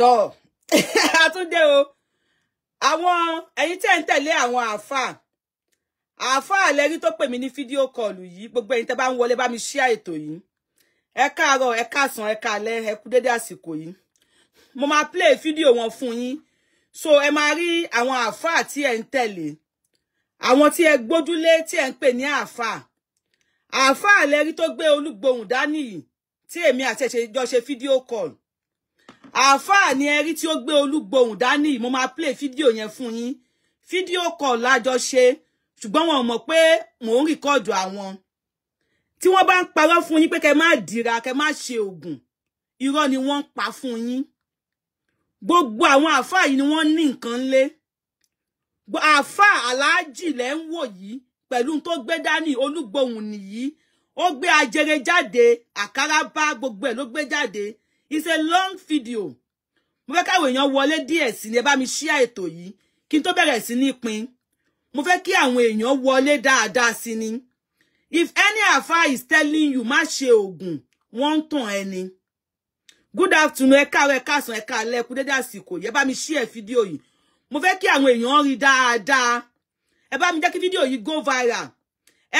tọ́ àtúndé o àwọn ẹ̀yin tẹ́ ń tẹ̀lé àwọn àáfàá àáfàá lẹ́rí tó pè mí ní fídíò kọlù yìí gbogbo ẹ̀yin tẹ́ bá ń wọlé bá mi ṣíà ètò yìí ẹ káàárọ̀ ẹ káàsán ẹ káalẹ́ ẹ kú dédé àsìkò yìí mo máa play fídíò wọn fún yín so ẹ máa rí àwọn àáfàá tí ẹ ń tẹ̀lé àwọn tí ẹ gbójúlé tí ẹ ń pè ní àáfàá àáfàá lẹ́rí tó gbé olúgbohùn dání yìí tí èmi àti ẹ̀ jọ ṣe fídíò kọlù àáfàá ni ẹrí tí ó gbé olúgbòhùn dání mo máa play fídíò yẹn fún yín fídíò kọ lájọ ṣe ṣùgbọ́n wọn ò pé mò ń rìkọ́ọ̀dù àwọn tí wọ́n bá ń parọ́ fún yín pé kẹ má dìra kẹ má ṣe oògùn irọ́ ni wọ́n ń pa fún yín gbogbo àwọn àáfàá yìí ni wọ́n ní nǹkan lé àáfàá aláàjì lẹ́ ń wò yìí pẹ̀lú tó gbé dání olúgbòhùn nìyí ó gbé ajere jáde àkàrà bá gbogbo ẹ̀ ló gbé jáde it's a long video mo fẹ́ káwọn èèyàn wọlé díẹ̀ sí ni ẹ mi share ètò yìí kí n tó bẹ̀rẹ̀ sí ní pín mo fẹ́ kí àwọn èèyàn wọlé dáadáa sí ni if any afa is telling you má ṣe oògùn wọ́n ń tàn good afternoon ẹ káàárọ̀ ẹ káàsán ẹ káalẹ́ kú dédé àsìkò yìí ẹ mi share fídíò yìí mo fẹ́ kí àwọn èèyàn rí dáadáa ẹ bá mi jẹ́ kí fídíò yìí go viral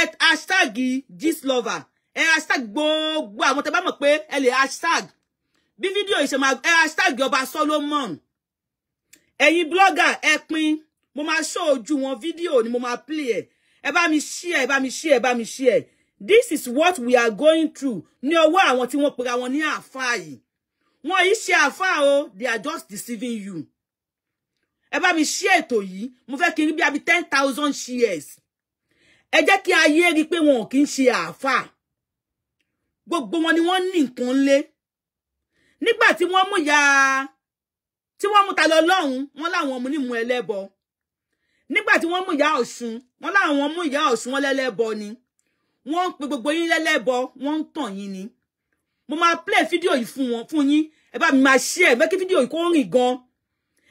At hashtag gistlover ẹ hashtag gbogbo àwọn tẹ bá mọ̀ pé ẹ lè hashtag bí fídíò yìí ṣe máa ẹ hashtag ọba Solomon ẹ̀yin blogger ẹ pín mo máa ṣó ojú wọn fídíò ni mo máa play ẹ ẹ bá mi share ẹ bá mi share ẹ bá mi share this is what we are going through ní ọwọ́ àwọn tí wọ́n pera wọn ní àáfàá yìí wọn yìí ṣe àáfàá o they are just deceiving you ẹ bá mi share ètò yìí mo fẹ́ kí n rí bí abi ten thousand shares ẹ jẹ́ kí ayé rí i pé wọn ò kí ń ṣe àáfàá gbogbo wọn ni wọ́n ní nǹkan lé nígbà tí wọ́n mú ya tí wọ́n mú ta lọ lọ́hùn wọ́n láwọn mú nímú ẹlẹ́bọ nígbà tí wọ́n mú ya Ọ̀ṣun wọ́n láwọn mú ya Ọ̀ṣun wọn lẹ́lẹ́bọ ni wọ́n ń pe gbogbo yín lẹ́lẹ́bọ wọ́n ń tàn yín ni mo máa play fídíò yìí fún wọn fún yín ẹ bá mi máa share mẹ́kí fídíò yìí kó rìn gan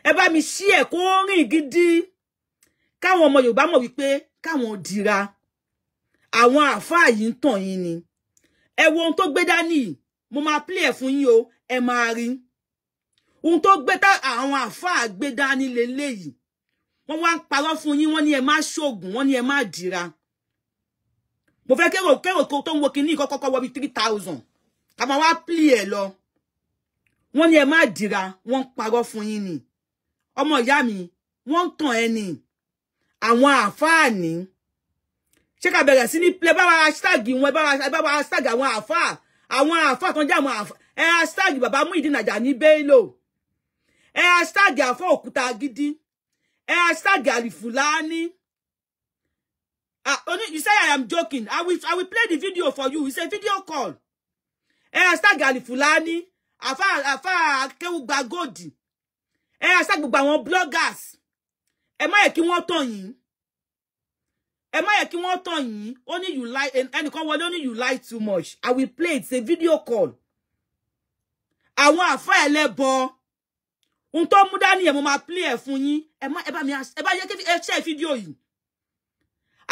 ẹ bá mi share kó rìn gidi káwọn ọmọ Yorùbá mọ̀ wípé káwọn dira àwọn àáfàá yìí ń tàn yín ni ẹ wo ohun tó gbé dání mo máa play ẹ̀ fún yín o ẹ máa rí ohun tó gbé tá àwọn àfáà gbé dání leléyìí wọ́n wá ń parọ́ fún yín wọ́n ní ẹ má ṣoògùn wọ́n ní ẹ má dìra mo fẹ́ kérò kérò tó ń wo kinní kọ́kọ́kọ́ wọ three thousand ká máa wá pìlì ẹ̀ lọ wọ́n ní ẹ má dìra wọ́n ń parọ́ fún yín ni ọmọ ìyá mi wọ́n ń tàn ẹni àwọn àfáà ní ṣé ká bẹ̀rẹ̀ sí ní play bá wa hashtag wọn bá wa hashtag àwọn àfáà àwọn àfáà tó ń jẹ́ àwọn àfáà ẹ hashtag bàbá Muyideen Ajani Bello ẹ hashtag àfọ òkúta gidi ẹ hashtag àlìfùlání. Uh, ah, you say I am joking. I will, I will play the video for you. It's a video call. Ẹ hashtag àlìfùlání àfà àfà akéwùgbà góòdì. Ẹ hashtag gbogbo àwọn bloggers. Ẹ má yẹ kí wọ́n tàn yín ẹ má yẹ kí wọ́n tàn yín ó ní you lie ẹnìkan wọlé ó ní you lie too much i will play it's a video call àwọn àfa ẹlẹ́bọ ohun tó mú dání ẹ̀ mo máa plé ẹ̀ fún yín ẹ má ẹ bá mi ẹ bá yẹ kí ẹ ṣe fídíò yìí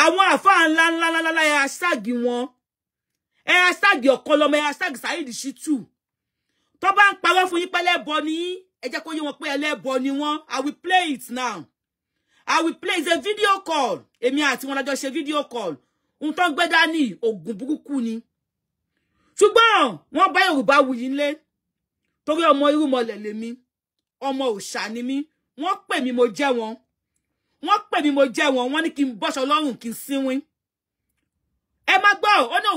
àwọn àfa ńlá ńlá ńlá ńlá ẹ aṣáàgì wọn ẹ aṣáàgì ọ̀kọlọmọ ẹ aṣáàgì Saheed Shittu tó bá ń parọ́ fún yín pé ẹlẹ́bọ ni ẹ jẹ́ kó yé wọn pé ẹlẹ́bọ ni wọ́n i will play it now i will play it a video call èmi àti wọn lájọ ṣe video call ohun tó ń gbé dání oògùn burúkú ni ṣùgbọ́n wọ́n bá Yorùbá wuyì ńlẹ́ torí ọmọ irúmọlẹ̀ lèmi ọmọ òòṣà ni mí wọ́n pè mí mo jẹ́ wọn wọ́n pè mí mo jẹ́ wọn wọ́n ní kí n bọ́ṣọ lọ́rùn kí n sínwín ẹ má gbọ́ ọ̀nà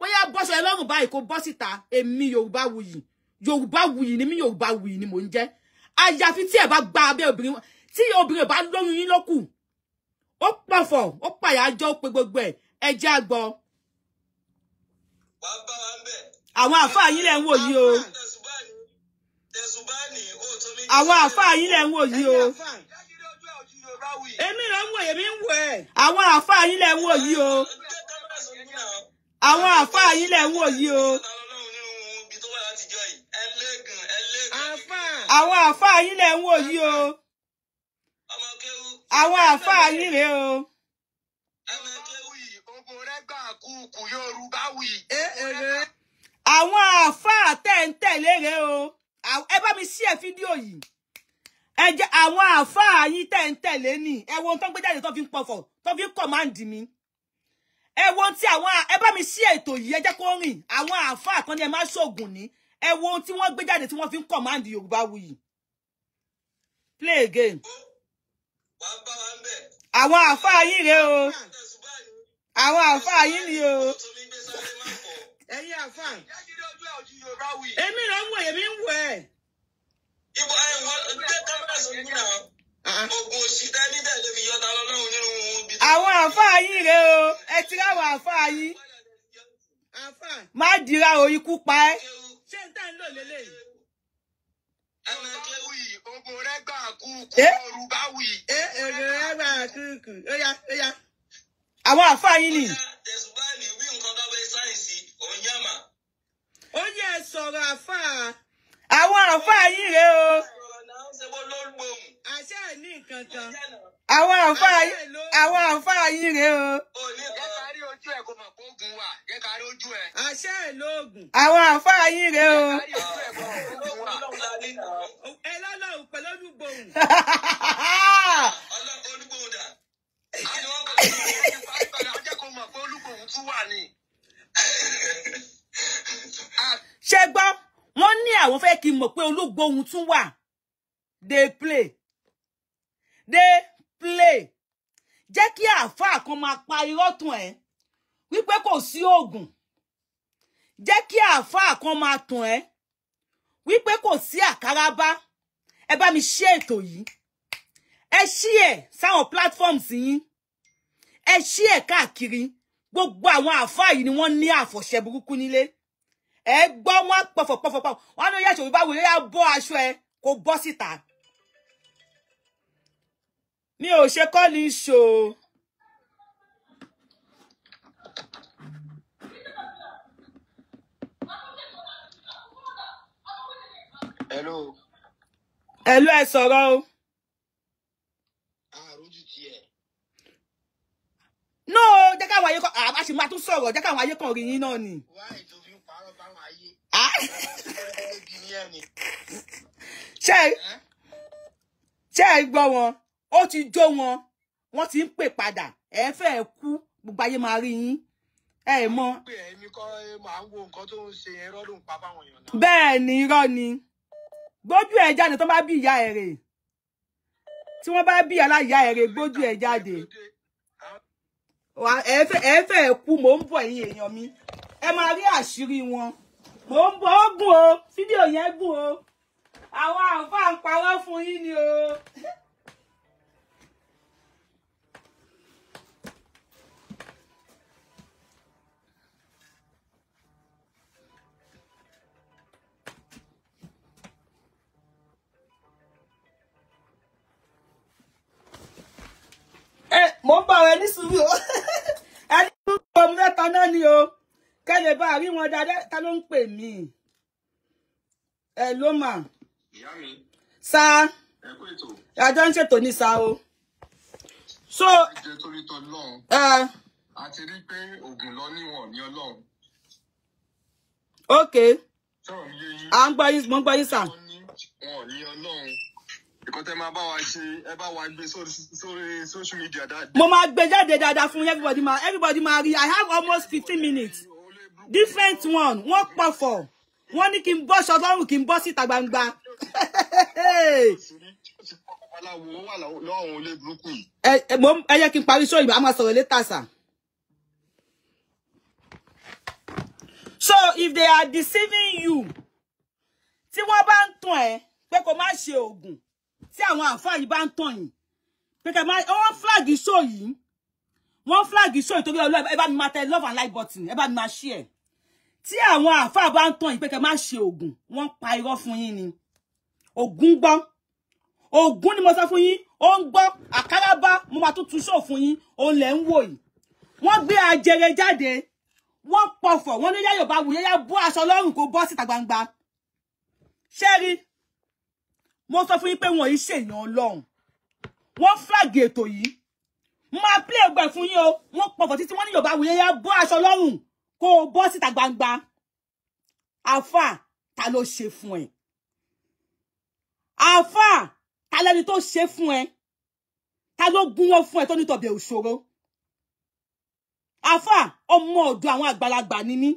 bóyá bọ́ṣọ ẹ lọ́rùn báyìí kó bọ́ síta èmi yorùbá wuyì yorùbá wuyì ni mí yorùbá wuyì ni mò ń jẹ́ àyàfi tí ẹ bá gba abẹ́ obìnrin tí obìnrin bá lóyún yín lókù ó pọ̀fọ̀ ó pàyàjọ́ ó pe gbogbo ẹ̀ ẹ jẹ́ àgbọ̀. àwọn àfáà yín lẹ́ ń wò yìí o àwọn àfáà yín lẹ ń wò yìí o èmi ló ń wò èmi ń wò ẹ àwọn àfáà yín lẹ ń wò yìí o àwọn àfáà yín lẹ ń wò yìí o àwọn àfáà yín lẹ ń wò yìí o àwọn àfáà yín rèé o àwọn àfáà tẹ̀ ń tẹ̀lé rèé o ẹ bá mi sí ẹ fídíò yìí ẹ àwọn àáfàá yín tẹ̀ ń tẹ̀lé ni ẹ tó ń gbé jáde tó fi ń pọfọ̀ tó fi ń kọ̀máǹdì mi ẹ tí àwọn ẹ bá mi sí ètò yìí ẹ kó rìn àwọn àáfàá kan ní ẹ má ṣoògùn ní ẹ tí wọ́n gbé jáde tí wọ́n fi ń kọ̀máǹdì Yorùbáwùyí play again àwọn àáfàá yín rèé o àwọn àáfàá yín ni o. ẹ̀yin àáfàá. Yorùbá wì. Èmi rẹ̀ ń wò èmi ń wò ẹ̀. ẹ̀ wọ́n gbé kámẹ́rà sí ìlú náà. Oògùn òṣì tẹ́lí fi yọta lọ́lọ́run nínú ohun Àwọn àáfàá yín rèé o, ẹ ti ráwọ̀ àáfàá yín. Má dira o, ikú pa ẹ́. Ṣé n tẹ́ ń lò lélẹ́yìí? Ogun rẹ̀ gbà kúkú, Yorùbá wì. Ogun rẹ̀ gbà kúkú, ó yá, ó yá. Àwọn àáfàá yín ni. Tẹ̀sùbáàlì wí nǹkan tó bẹ sáyẹ̀nsì, òun ó yẹ sọ̀rọ̀ àfáà àwọn àfáà yìí rèé o àṣẹ ní nǹkan kan àwọn àfáà àwọn àfáà yìí rèé o. jẹ́kárí ojú ẹ̀ kò mọ̀ kó gun wà jẹ́kárí lóògùn. àwọn àfáà yìí rèé o. ẹ pẹ̀lú olúgbòhùn. olúgbòhùn dà ṣe gbọ́ wọ́n ní àwọn fẹ́ kí n mọ̀ pé olúgbóhun tún wà they play they play jẹ́ kí àáfàá kan máa pa irọ́ tún ẹ̀ wípé kò sí oògùn jẹ́ kí àáfàá kan máa tàn ẹ́ wípé kò sí àkàràbá ẹ bá mi ṣí ètò yìí ẹ ṣí ẹ sáwọn platforms yín ẹ ṣí ẹ káàkiri gbogbo àwọn àáfàá yìí ni wọ́n ní àfọ̀ṣẹ burúkú nílé ẹ gbọ́ wọn pọ̀fọ̀pọ̀fọ̀ wọn ló yàtọ̀ ìbáwò yóò bọ́ aṣọ ẹ kó bọ́ síta mi ò ṣe kọ́ ní ṣò. hello. hello ẹ sọ̀rọ̀ o. no jẹ́ káwọn ayé kan àbá ṣì máa tún sọ̀rọ̀ jẹ́ káwọn ayé kan rí yín náà ni. ṣé ẹ gbọ́ wọn ó ti jó wọn wọ́n ti ń pè padà ẹ fẹ́ kú gbogbo ayé máa rí yín ẹ mọ. bẹ́ẹ̀ ni irọ́ ni gbójú ẹ̀ jáde tó bá bí ìyá ẹ̀ tí wọ́n bá bí aláìyá ẹ̀ gbójú ẹ̀ jáde ẹ̀ẹ́fẹ̀ kú mò ń bọ̀ ẹ̀yin èèyàn mi ẹ máa rí àṣírí wọn mò ń bọ̀ ó gùn o fídíò yẹn gùn o àwọn àǹfààní parọ́ fún yín ni o. ẹ mò ń bọ̀ ẹni sùúrù o ẹni sùúrù ọmọ mẹ́ta náà ni o kẹ́lẹ̀ bá rí wọn dáadáa ta ló ń pè mí ẹ ló mà sa àjọ ń ṣètò ní sa o so àti rí pé ògùn lọ níwọ̀n ní ok à ń gbọ́ yín sà because ẹ máa bá wa ṣe ẹ bá wa gbé sórí social media dáadáa. mo máa gbé jáde dáadáa fún everybody ma everybody ma rí i have almost fifteen minutes different one wọ́n pọ̀ fọ̀ wọ́n ní kí n bọ́ ṣọlọ́run kí n bọ́ síta gbangba. ẹ yẹ kí n parí sóyìnbó a máa sọ̀rọ̀ létà sà. So if they are deceiving you tí wọ́n bá ń tàn ẹ́ pé kó má ṣe oògùn tí àwọn àǹfààní bá ń tàn yín pẹ̀kẹ́ máa wọ́n flag show yìí wọ́n flag show yìí torí ọlọ́ọ̀ ẹ bá mi máa tẹ love and like button ẹ bá mi máa share tí àwọn àǹfààní bá ń tàn yín pẹ̀kẹ́ máa ṣe oògùn wọ́n pa irọ́ fún yín ni oògùn gbọ́ oògùn ni mo sọ fún yín ó ń gbọ́ àkàràbá mo máa tún tún show fún yín òun lẹ̀ ń wò yìí wọ́n gbé ajẹrẹ jáde wọ́n pọ̀fọ̀ wọ́n ní yáyọ̀ bá wù yẹ́yà bó aṣọ lọ́rùn kó bọ́ síta gbangba ṣẹ́rí mo sọ fún yín pé wọn yìí ṣèyàn Ọlọ́run wọ́n flag ètò yìí máa play ẹgbẹ́ fún yín o wọ́n pọ̀pọ̀ títí wọ́n ní Yorùbá wòye yá bọ́ aṣọ lọ́rùn kó o bọ́ síta gbangba àfà ta ló ṣe fún ẹ àfà ta lẹni tó ṣe fún ẹ ta ló gún wọn fún ẹ tó nítọ̀bẹ̀ òṣòro àfà ọmọ ọ̀dọ̀ àwọn àgbàlagbà ni mí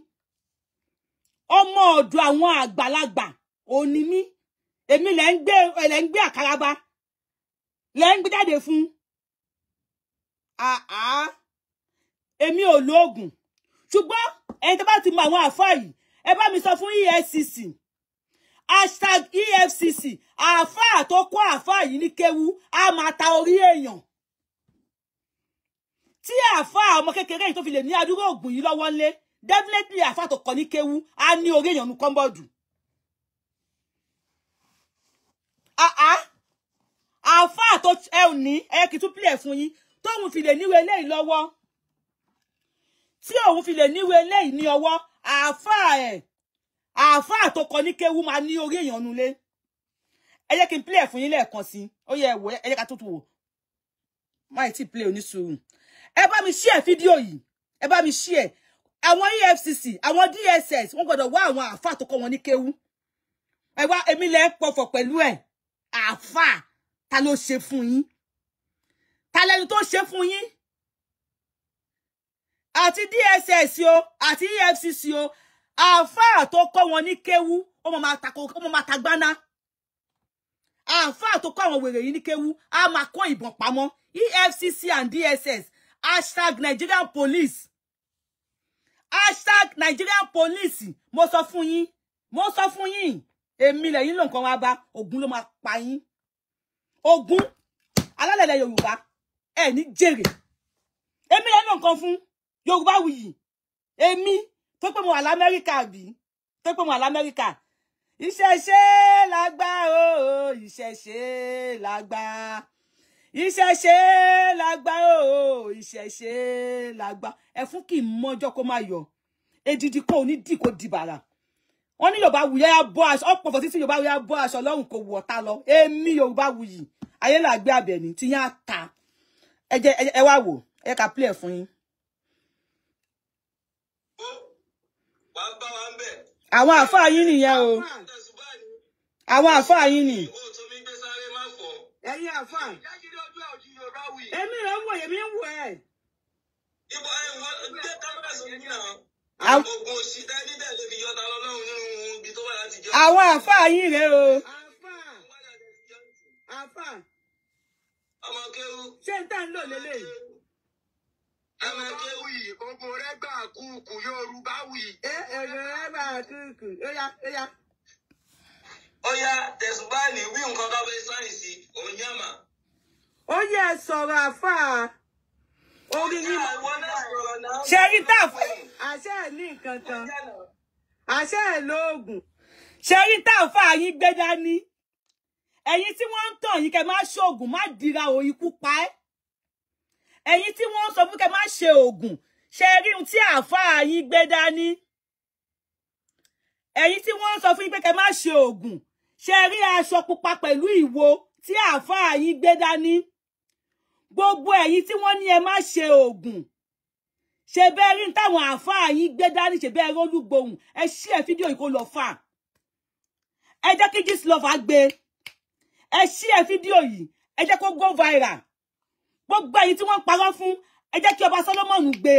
ọmọ ọ̀dọ̀ àwọn àgbàlagbà òní mí Emi lẹ́ ń gbé lẹ́ ń gbé àkàràbà lẹ́ ń gbé ah fún àá èmi ò lóògùn ṣùgbọ́n ẹni tó bá ti mọ àwọn àáfàá yìí ẹ bá mi sọ fún EFCC hashtag EFCC àáfàá tó kó àáfàá yìí ní kéwu á máa ta orí èèyàn tí àáfàá ọmọ kékeré yìí tó fi lè ní adúrò ògùn yìí lọ́wọ́ ńlé definitely afa to kọ ní kéwu á ní orí èèyàn nu kọ́ńbọ̀dù. Ah, ah. àáfàá tó ẹ ò ní ẹ kì í tún pílẹ̀ fún yín tóun fi lè níwèé eléyìí lọ́wọ́ tí òun fi lè níwèé eléyìí ní ọwọ́ àáfàá ẹ̀ àáfàá tó kọ ní kéwu máa ní orí èèyàn nulẹ̀ ẹ jẹ́ kí n pílẹ̀ fún yín lẹ́ẹ̀kan sí ó yẹ ẹ̀wọ̀ ẹ jẹ́ ká tó tó wò máì tí play onísùúrù ẹ bá mi share fídíò yìí ẹ bá mi share àwọn EFCC àwọn DSS wọ́n gbọ́dọ̀ wá àwọn àáfàá tó kọ wọn ní kéwu ẹ wá èmi lẹ pọfọ pẹ̀lú ẹ̀ àáfàá ta ló ṣe fún yín ta lẹni tó ṣe fún yín àti DSS o àti EFCC o àáfàá tó kọ́ wọn ní kéwú ó mọ̀ máa takò ó mọ̀ máa tagbáná àáfàá tó kọ́ àwọn wèrè yìí ní kéwú á máa kó ìbọn pamọ́ EFCC and DSS hashtag Nigerian police hashtag Nigerian police mo sọ fún yín mo sọ fún yín èmi lẹ́yìn ló nǹkan wá bá Ògún ló máa pa yín Ògún alálẹ̀lẹ̀ Yorùbá ẹ̀ ní jèrè èmi lẹ́nu nǹkan fún Yorùbá wuyì èmi tó pé mo wà America, bí tó pé mo wà l'Amẹ́ríkà ìṣẹ̀ṣe lagba o ìṣẹ̀ṣe lágbá ìṣẹ̀ṣe lágbá o ìṣẹ̀ṣe lágbá ẹ fún kí n mọ́jọ́ kó yo. yọ èdìdì kó o ní dì kó di bàrà wọ́n ní yorùbá wuyì á bọ́ aṣọ ọ̀pọ̀ fọ̀ títí yorùbá wuyì á bọ́ aṣọ ọlọ́run kò wù ọ̀tá lọ èmi yorùbá wuyì ayé là gbé abẹ̀ni tí yẹn á ta ẹ jẹ ẹ wá wò ẹ ká play fún yín. àwọn àfáà yín nìyẹn o àwọn àfáà yín nì. ẹ̀yin àfáà èmi rẹ̀ wò èmi wò ẹ̀. ìbọn ẹ̀ wọ́n gbé kámẹ́rà sórí náà gbogbo òṣì tẹ́lí dẹ̀ lè fi yọta lọ́lọ́run nínú ibi tó wà láti jọ. àwọn àáfàá yìí rèé o. àáfàá. ọmọ kéwu. ṣé n tà ń lò lélẹ̀. ọmọ kéwu yìí gbogbo rẹ gbà kúùkù yorùbá wì. ẹ ẹ̀rọ rẹ gbà kúùkù ó yá ó yá ó yá tẹ̀sùbáàlì wí nǹkan ká bẹ sáyẹ̀nsì òun yàmà. ó yẹ sọ̀rọ̀ àfáà orí yín ṣe rí táàfù. àṣẹ ẹ̀ ní nǹkan kan àṣẹ ẹ̀ lóògùn. ṣe rí táàfù àyín gbé dání ẹ̀yin tí wọ́n ń tàn yín kẹ́ máa ṣoògùn má dira òyìn kú pa ẹ́ ẹ̀yin tí wọ́n ń sọ fún kẹ́ máa ṣe oògùn ṣe rí ohun tí àáfàá yín gbé dání ẹ̀yin tí wọ́n ń sọ fún yín pé kẹ́ máa ṣe oògùn ṣe rí aṣọ pupa pẹ̀lú ìwo tí àáfàá yín gbé dání gbogbo ẹ̀yin tí wọ́n ní ẹ má ṣe oògùn ṣe bẹ́ẹ̀ rí táwọn àáfàá yín gbé dání ṣe bẹ́ẹ̀ rólúgbohùn ẹ ṣí ẹ fídíò yìí kó lọ fà ẹ jẹ́ kí gist lover gbé ẹ ṣí ẹ fídíò yìí ẹ jẹ́ kó go viral gbogbo ẹ̀yin tí wọ́n parọ́ fún ẹ jẹ́ kí ọba Solomon gbé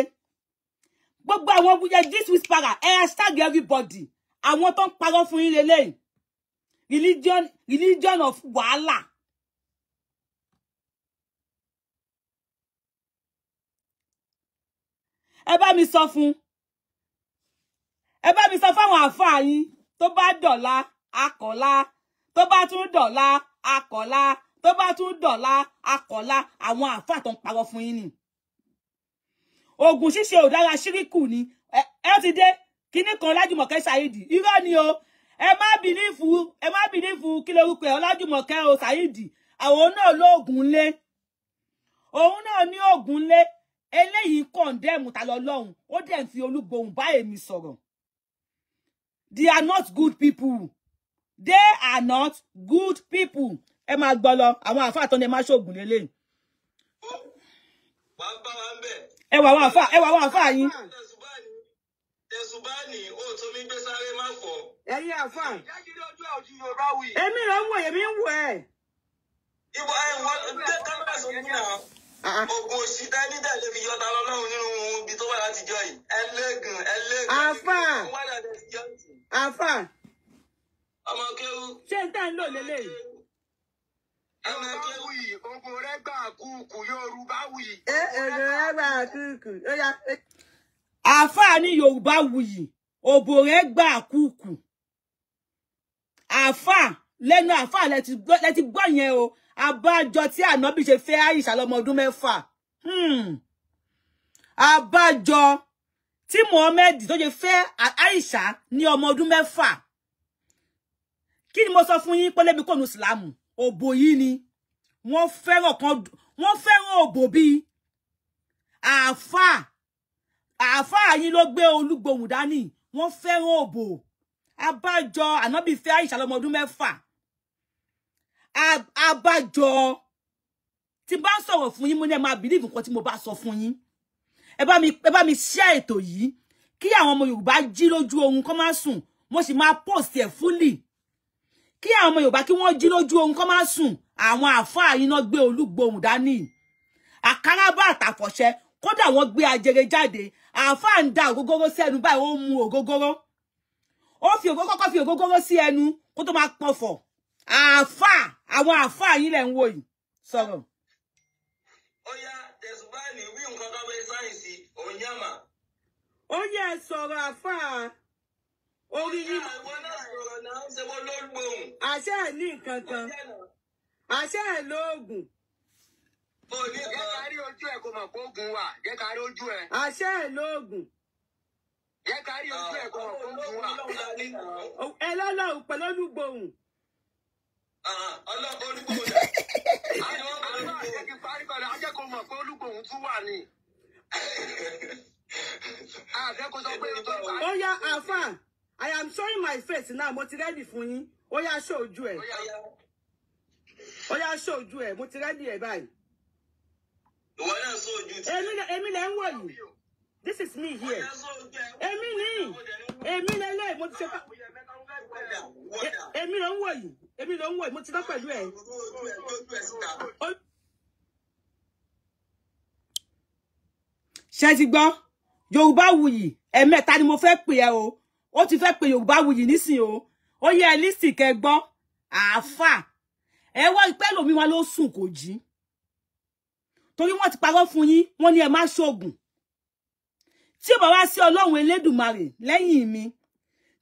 gbogbo àwọn wuyẹ gist whisperer ẹ hashtag everybody àwọn tó ń parọ́ fún yín lélẹ́yìn religion religion of wàhálà. ẹ bá mi sọ fún ẹ bá mi sọ fáwọn àáfàá yín tó bá dọ̀la akọ̀la tó bá tún dọ̀la akọ̀la tó bá tún dọ̀la akọ̀la àwọn àáfàá tó ń parọ́ fún yín ni oògùn ṣíṣe ò dára ṣíríkù ni ẹ ti dé kíní kan lájùmọ̀kẹ́ ṣàyídì irọ́ ni o ẹ má bìlífù ẹ má bìlífù kí lorúkọ ẹ ọlájùmọ̀kẹ́ o ṣàyídì àwọn náà lóògùn lé òun náà ní òògùn lé eléyìí condemn ta lọ́lọ́run ó dẹ̀ fi olúgbòhùn bá èmi sọ̀rọ̀ they are not good people they are not good people ẹ máa gbọ́ lọ àwọn àáfàá tán ẹ máa ṣoògùn lélẹ̀. ẹ wà wọn àáfàá ẹ wà wọn àáfàá yín. tẹ̀sùbáàní ó èmi rẹ̀ ń wò èmi ń wò ẹ̀. ìwà ẹ̀ wọ́n tẹ́ kámẹ́rà sójú náà. Ah, ah. gbogbo òsì tẹ́lí tẹ̀lé fi yọta lọ́lọ́run nínú ibi tó wà láti jọ yìí ẹlẹ́gàn ẹlẹ́gàn àfà àfà ọmọ kéwú. ṣé tẹ́ ń lò lélẹ́yìí. ọmọ kéwú yìí ogun rẹ gbà kúùkù yorùbá wuyì. ẹ èrò rẹ gbà kúùkù àfà ní yorùbá wuyì òbò rẹ gbà kúùkù àfà lẹ́nu àfà lẹ ti gbọ́ yẹn o àbájọ tí ànábì ṣe fẹ́ àyíṣà lọ́mọ ọdún mẹ́fà àbájọ hmm. tí mohammed tó ṣe fẹ́ àyíṣà ní ọmọ ọdún mẹ́fà kí ni mo sọ fún yín pẹ́lẹ́bí kò nu ìsìlámù òbò yìí ni wọ́n fẹ́ràn kan wọ́n fẹ́ràn òbò bíi àáfàá àáfàá yín ló gbé olúgbòhùn dání wọ́n fẹ́ràn òbò àbájọ ànábì fẹ́ àyíṣà lọ́mọ ọdún mẹ́fà abájọ tí bá ń sọ̀rọ̀ fún yín mo ní ẹ máa bìlíìfù nǹkan tí mo bá sọ fún yín ẹ bá mi ẹ mi share ètò yìí kí àwọn ọmọ yorùbá jí lójú oorun kó má sùn mo sì máa post ẹ̀ fúlì kí àwọn ọmọ yorùbá kí wọ́n jí lójú oorun kó má sùn àwọn àáfàá yín náà gbé olúgbòhùn dání àkàràbà àtàfọ̀ṣẹ kódà wọ́n gbé ajere jáde àáfàá ń da ògógóró sí ẹnu báyìí ó mu ògógóró ó fi ògógóró fi ògógóró sí ẹnu kó tó máa pọ̀fọ̀ Afa, àwọn Afa, yìí lẹ̀ ń wò yìí sọ̀rọ̀. ó yá tẹ̀sùbáàlì wí nǹkan tó bẹ sáyẹ̀nsì ònyàmà. ó yẹ sọ̀rọ̀ Afa, orí yìí. àwọn náà sọ̀rọ̀ náà ṣe wọ́n ló gbóhùn. àṣẹ ẹ̀ ní nǹkan kan àṣẹ ẹ̀ lóògùn. òní jẹ́ ká rí ojú ẹ̀ kó mọ̀ kó gun wà jẹ́ ká rí ojú ẹ̀. àṣẹ ẹ̀ lóògùn jẹ́ rí ojú ẹ̀ kó mọ̀ kó gun wà. Ah, ẹ lọ́lọ́run pẹ̀lú ọlọ́pàá olúgbòhùn náà àwọn àwọn àjẹkí parí pẹ̀lú ajẹ́kọ̀ọ́ mọ̀ pé olúgbòhùn tún wà ní. àjẹkọ̀ọ́ sọ pé ètò ìgbà. ó yá àáfà I am showing my face now mo ti rẹ́dì fún yín ó yá aṣọ ojú ẹ̀ ó yá aṣọ ojú ẹ̀ mo ti rẹ́dì ẹ̀ báyìí. ìwọ náà sọ ojú ti. èmi Emi, ń wò yìí this is me here Emi, ni Emi, lẹ lẹ mo ti ṣe ká Emi, lẹ ń wò yìí èmi ló ń wò mo ti lọ pẹ̀lú ẹ̀. ṣé ti gbọ́ yorùbá wuyì ẹ̀mẹ́ta ni mo fẹ́ pè ẹ́ o ó ti fẹ́ pè yorùbá wuyì nísìnyí o ó yẹ ẹ lísì kẹ gbọ́ àáfà ẹ wá ìpẹ́ lómi wa ló sùn kò jí torí wọ́n ti parọ́ fún yín wọ́n ní ẹ má ṣoògùn tí ò bá wá sí ọlọ́run elédùmarè lẹ́yìn mi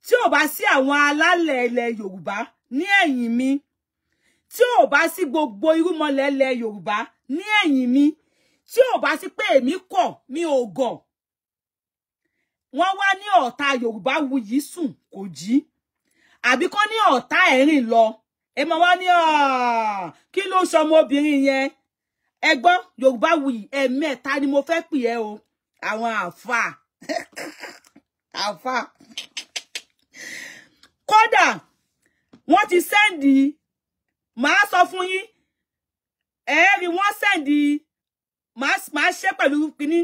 tí ò bá sí àwọn alálẹ̀ ilẹ̀ yorùbá ní ẹ̀yìn mi tí ò bá sí gbogbo irúmọlẹ̀ ilẹ̀ Yorùbá ní ẹ̀yìn mi tí ò bá sí pé èmi kọ̀ mi ò gọ̀ wọ́n wá ní ọ̀tá Yorùbá wuyì sùn kò jí àbí kán ní ọ̀tá ẹ̀rìn lọ ẹ máa wá ní kí ló sọ ọmọbìnrin yẹn ẹgbọ́n Yorùbá wuyì ẹ̀mẹ́ta ni mo fẹ́ pè ẹ́ o àwọn àáfàá àáfàá kódà wọ́n ti sẹ́ndì màá sọ fún yín ẹ̀ẹ́rì wọ́n sẹ́ndì màá ṣe pẹ̀lú kínní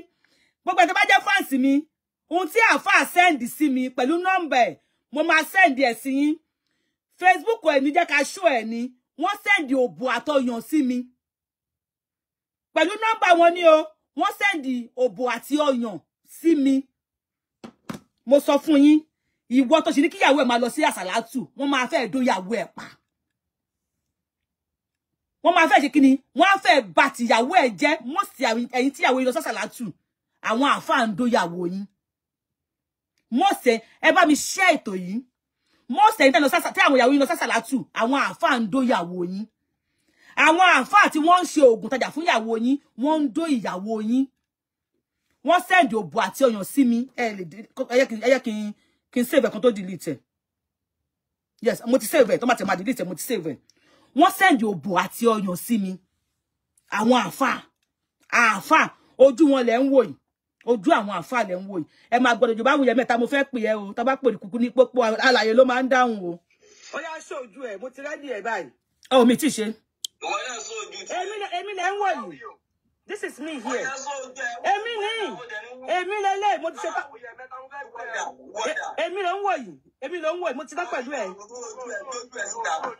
gbogbo ẹ̀ tó bá jẹ́ fáǹsì mi ohun tí àáfàá sẹ́ndì sí mi pẹ̀lú nọ́mbà ẹ̀ mo máa sẹ́ndì ẹ̀ sí yín Facebook ẹ̀ ní jẹ́ ká ṣó ẹ̀ ní wọ́n sẹ́ndì òbò àtọyàn sí mi pẹ̀lú nọ́mbà wọn ni o wọ́n sẹ́ndì òbò àti ọyàn sí mi mo sọ fún yín ìwọ tó ṣe ní kíyàwó ẹ̀ máa lọ sí àsàlátù wọ́n máa fẹ́ dóyàwó ẹ̀ pa wọ́n máa fẹ́ ṣe kí ni wọ́n á fẹ́ bà tìyàwó ẹ̀ jẹ́ mọ́sí ẹ̀yìn tíyàwó yìí lọ sàsàlátù àwọn àáfàá ń dóyàwó yín mọ́sí ẹ bá mi ṣẹ́ ètò yìí mọ́sí ẹ̀yìn tí àwọn ìyàwó yìí lọ sàsàlátù àwọn àáfàá ń dóyàwó yín àwọn àáfàá tí wọ́n ti ṣe oògùn tajà fún ìyàwó yín wọ́n ń dó ìyàwó yín wọ́n sẹ́ǹdì òbò àti ọyàn sí mi ẹ yẹ kí n kí n save ẹ̀ kan tó delete ẹ̀ yes mo ti save ẹ̀ tó má ti máa delete ẹ̀ mo ti save ẹ̀ wọ́n send òbò àti ọyàn sí mi àwọn àáfàá àáfàá ojú wọn lẹ̀ ń wò yìí ojú àwọn àáfàá lẹ̀ ń wò yìí ẹ máa gbọ́dọ̀ jù bá wùyẹ mẹ́ta mo fẹ́ pè ẹ́ o tá bá pè kúkú ní pópó alàyè ló máa ń dáhùn o. ó yá sọ ojú ẹ mo ti rẹ́dí ẹ báyìí. ọ mi ti ṣe. ìwọ náà sọ ojú ti. èmi lẹ ń wò yìí this is me here èmi ni èmi lele mo ti ṣe ah, ta èmi ló ń wò yìí èmi ló ń mo ti dá pẹ̀lú ẹ̀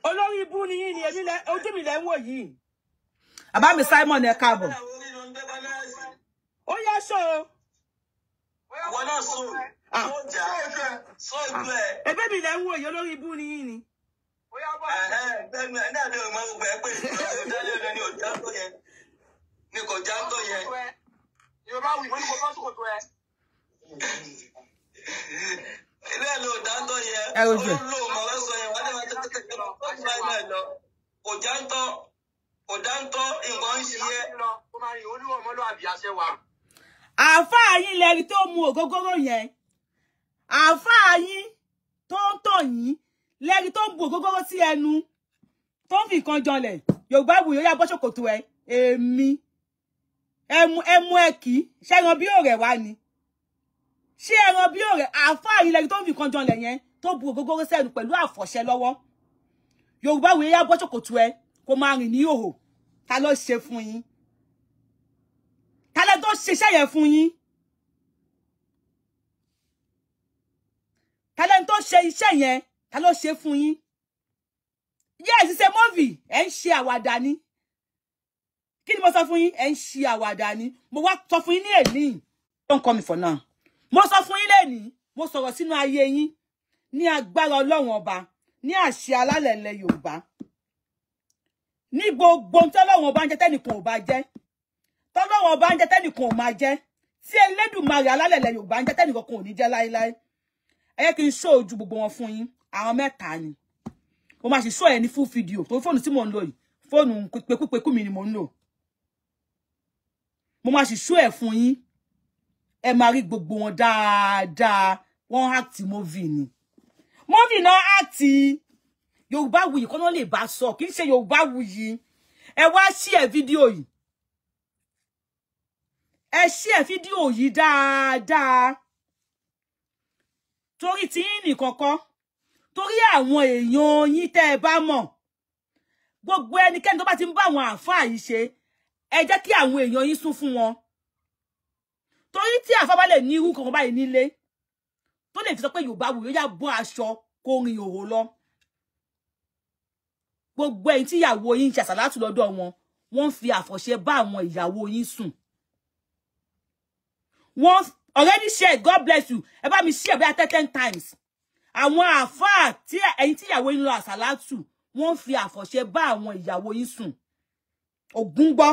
olórí ibú ni yín ni èmi lẹ ojú mi lẹ ń wò yìí. mi Simon ẹ káàbọ̀. ó yá ṣó. wọn So sọ so jà sọ ìlú ẹ. ebe mi lẹ ń wò yìí olórí ibú ni yín ni. bẹ́ẹ̀ni ẹ náà ni o máa ń gbẹ pé ìjọba ìdájọ́ ni o já tó yẹ ní kọjá ń tọ̀ yẹn. yorùbá wí pé kò bọ́sùkò tó ẹ. ilé ẹ̀ ló dáńtọ̀ yẹn ó lò mọ̀ ọ́ sọ yẹn wọ́n dẹ̀ máa tẹ́tẹ́ tẹ́tẹ́ lọ ó ti bá lọ kò já ń tọ́ kò já ń tọ́ nǹkan ń ṣiyẹ́. àáfàá yín lẹ́ni tó mu ògógóró yẹn àáfàá yín tó ń tọ̀ yín lẹ́ni tó ń bu ògógóró sí ẹnu tó ń fi nǹkan jọlẹ̀ yorùbá wù yóò yá bọ́ṣọ̀kòtò ẹ̀ èmi ẹmu ẹmu ẹkì ṣẹran bí òrẹ wá ni ṣé ẹran bí òrẹ àáfàá yìí lẹni tó ń fi kan jan lẹ yẹn tó bu ògógóró sẹ́nu pẹ̀lú àfọ̀ṣẹ lọ́wọ́ yorùbá wòye yá bọ́ ṣòkòtò ẹ kó máa rìn ní òhò ta ló ṣe fún yín ta lẹ tó ṣiṣẹ́ yẹn fún yín ta lẹ tó ṣe iṣẹ́ yẹn ta ló ṣe fún yín yẹ ẹ sì ṣe mọ́ọ̀vì ẹ ni kí ni mo sọ fún yín ẹ ń ṣe àwàdà ni mo wá sọ fún yín ní èní don't call me for now mo sọ fún yín lẹ́ni mo sọ̀rọ̀ sínú ayé yín ní agbára ọlọ́run ọba ní àṣẹ alálẹ̀ ilẹ̀ yorùbá ní gbogbo ohun tọ́lọ́run ọba ń jẹ tẹ́nìkan ò bá jẹ́ tọ́lọ́run ọba ń jẹ tẹ́nìkan ò jẹ́ tí elédùnmarè alálẹ̀ yorùbá ń jẹ tẹ́nìkan kò ní jẹ́ láéláé ẹ yẹ kí n ṣó ojú gbogbo wọn fún yín àwọn mẹ́ta ni mo máa ṣe ṣó ẹ ní fún fídíò tó fóònù tí mò ń lò yìí fóònù pẹkúpẹkú mi ni mò ń lò mo máa sì show ẹ̀ fún yín ẹ máa rí gbogbo wọn dáadáa wọ́n act movie ni movie náà act yorùbá wuyì kọ́nà lè bá sọ kì í ṣe yorùbá wuyì ẹ wá share fídíò yìí ẹ share fídíò yìí dáadáa torí tí yín nìkan kọ́ torí àwọn èèyàn yín tẹ́ ẹ bá mọ̀ gbogbo ẹnikẹ́ni tó bá ti ń bá àwọn àǹfààní ẹ jẹ́ kí àwọn èèyàn yín sún fún wọn torí tí àfábá lè ní irú kankan báyìí nílé tó lè fi sọ pé yorùbá wù yóò yà bọ́ aṣọ kó rin òwò lọ gbogbo ẹ̀yin tí ìyàwó yín ń ṣàṣàlátù lọ́dọ̀ wọn wọ́n fi àfọ̀ṣẹ bá àwọn ìyàwó yín sùn wọ́n already share god bless you ẹ bá mi share bí i ten times àwọn àáfàá tí ẹ̀yin tí ìyàwó yín lọ àṣàlátù wọ́n fi àfọ̀ṣẹ bá àwọn ìyàwó yín sùn ògún gbọ́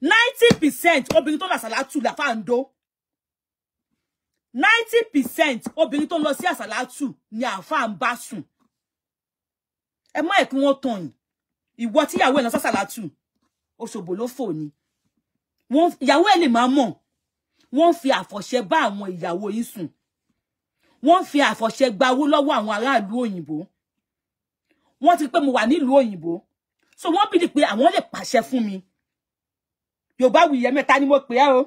ninety percent obìnrin tó lọ àsàlátù làfáàndó ninety percent obìnrin tó lọ sí ni àáfàá ń bá sùn ẹ má ẹ̀kún wọn tàn yìí ìwọ tíyàwó ẹ̀ lọ sàsàlátù òṣòbò ló fò ni ìyàwó ẹ̀ lè máa mọ̀ wọ́n fi àfọ̀ṣẹ bá àwọn ìyàwó yìí sùn wọ́n fi àfọ̀ṣẹ gba owó lọ́wọ́ àwọn aráàlú òyìnbó wọ́n ti pé mo wà nílùú òyìnbó so wọ́n bìlì pé àwọn lè pàṣẹ fún mi Yorùbáwùyí ẹ̀mẹ́ta ni mo pè ẹ́ o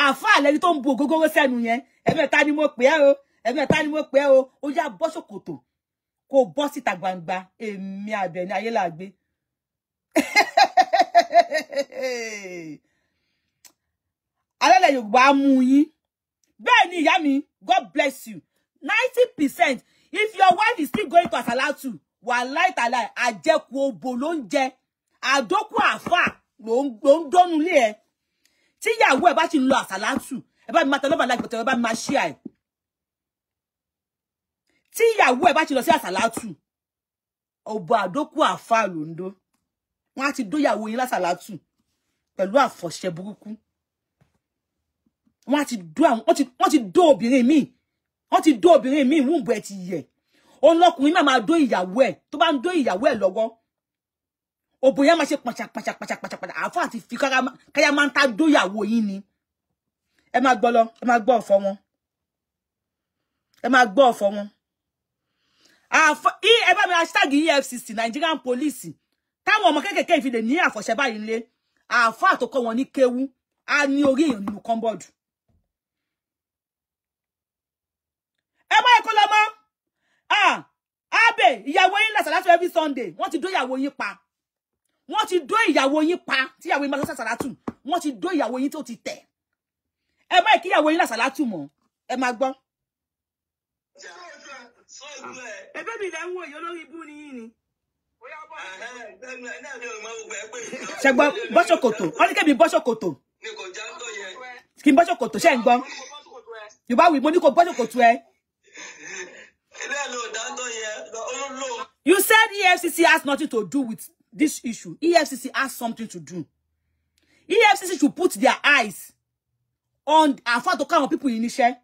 àáfàá lẹni tó ń bu ògógóró sẹ́nu yẹn ẹ̀mẹ́ta ni mo pè ẹ́ o ẹ̀mẹ́ta ni mo pè ẹ́ o ó yá bọ́ ṣòkòtò kó bọ́ síta gbangba èmi Àbẹ̀ní Ayélàgbé alẹ́lẹ̀ Yorùbá mú yín bẹ́ẹ̀ ni ìyá mi God bless you ninety percent if your wife is still going to asalatu wàhálà ìtàlá àjẹkù òbò ló ń jẹ àdókù àáfàá ló ń dọ́nu lé ẹ tí ìyàwó ẹ bá ti lọ àsàlátù ẹ bá mi máa tẹlọ́bà láìpẹ̀tẹ̀ ẹ bá mi máa ṣí àì tí ìyàwó ẹ bá ti lọ sí àsàlátù ọ̀bọ̀ àdókù àfa lòndó wọn á ti dóyàwó yín lásàlátù pẹ̀lú àfọ̀ṣẹ burúkú wọn á ti dó àwọn wọn ti dó obìnrin míì wọn ti dó obìnrin míì wúǹbù ẹ ti yẹ òun lọkùnrin náà máa dó ìyàwó ẹ tó bá ń dó ìyàwó ẹ lọ́wọ́ òbò yẹn máa ṣe pàṣàpàṣàpàṣàpàṣà àáfà àti fi káyà máa ń ta dóyàwó yín ni ẹ máa gbọ́ lọ ẹ máa gbọ́ ọ̀fọ̀ wọn ẹ máa gbọ́ ọ̀fọ̀ wọn àfọ ẹ bá mi hashtag EFCC Nigerian Police táwọn ọmọ kékèké ìfi lè ní àfọ̀ṣẹ báyìí nílé àfọ àtọkọ wọn ní kéwú á ní orí èèyàn nínú kọ́ńbọ̀dù ẹ má yẹ kó lọ mọ́ àbẹ ìyàwó yín làṣà láti every Sunday wọ́n ti dóyàwó yín pa wọ́n ti dó ìyàwó yín pa tí ìyàwó yín máa lọ sàṣàlátù wọ́n ti dó ìyàwó yín tó ti tẹ̀ ẹ má kí ìyàwó yín làṣàlátù mọ́ ẹ máa gbọ́. ẹgbẹ́ mi lẹ́ ń wò yìí olórí ibú ni yìí ni. ṣẹgbọn bọ́ṣọ̀kòtò wọ́n ní kẹ́mi bọ́ṣọ̀kòtò kí n bọ́ṣọ̀kòtò ṣẹ́ ń gbọ́ yorùbá wì mo ní kò bọ́ṣọ̀kòtò ẹ. You said EFCC has nothing to do with this issue, EFCC has something to do. EFCC should put their eyes on àfa tó káwọn people yìí níṣẹ́.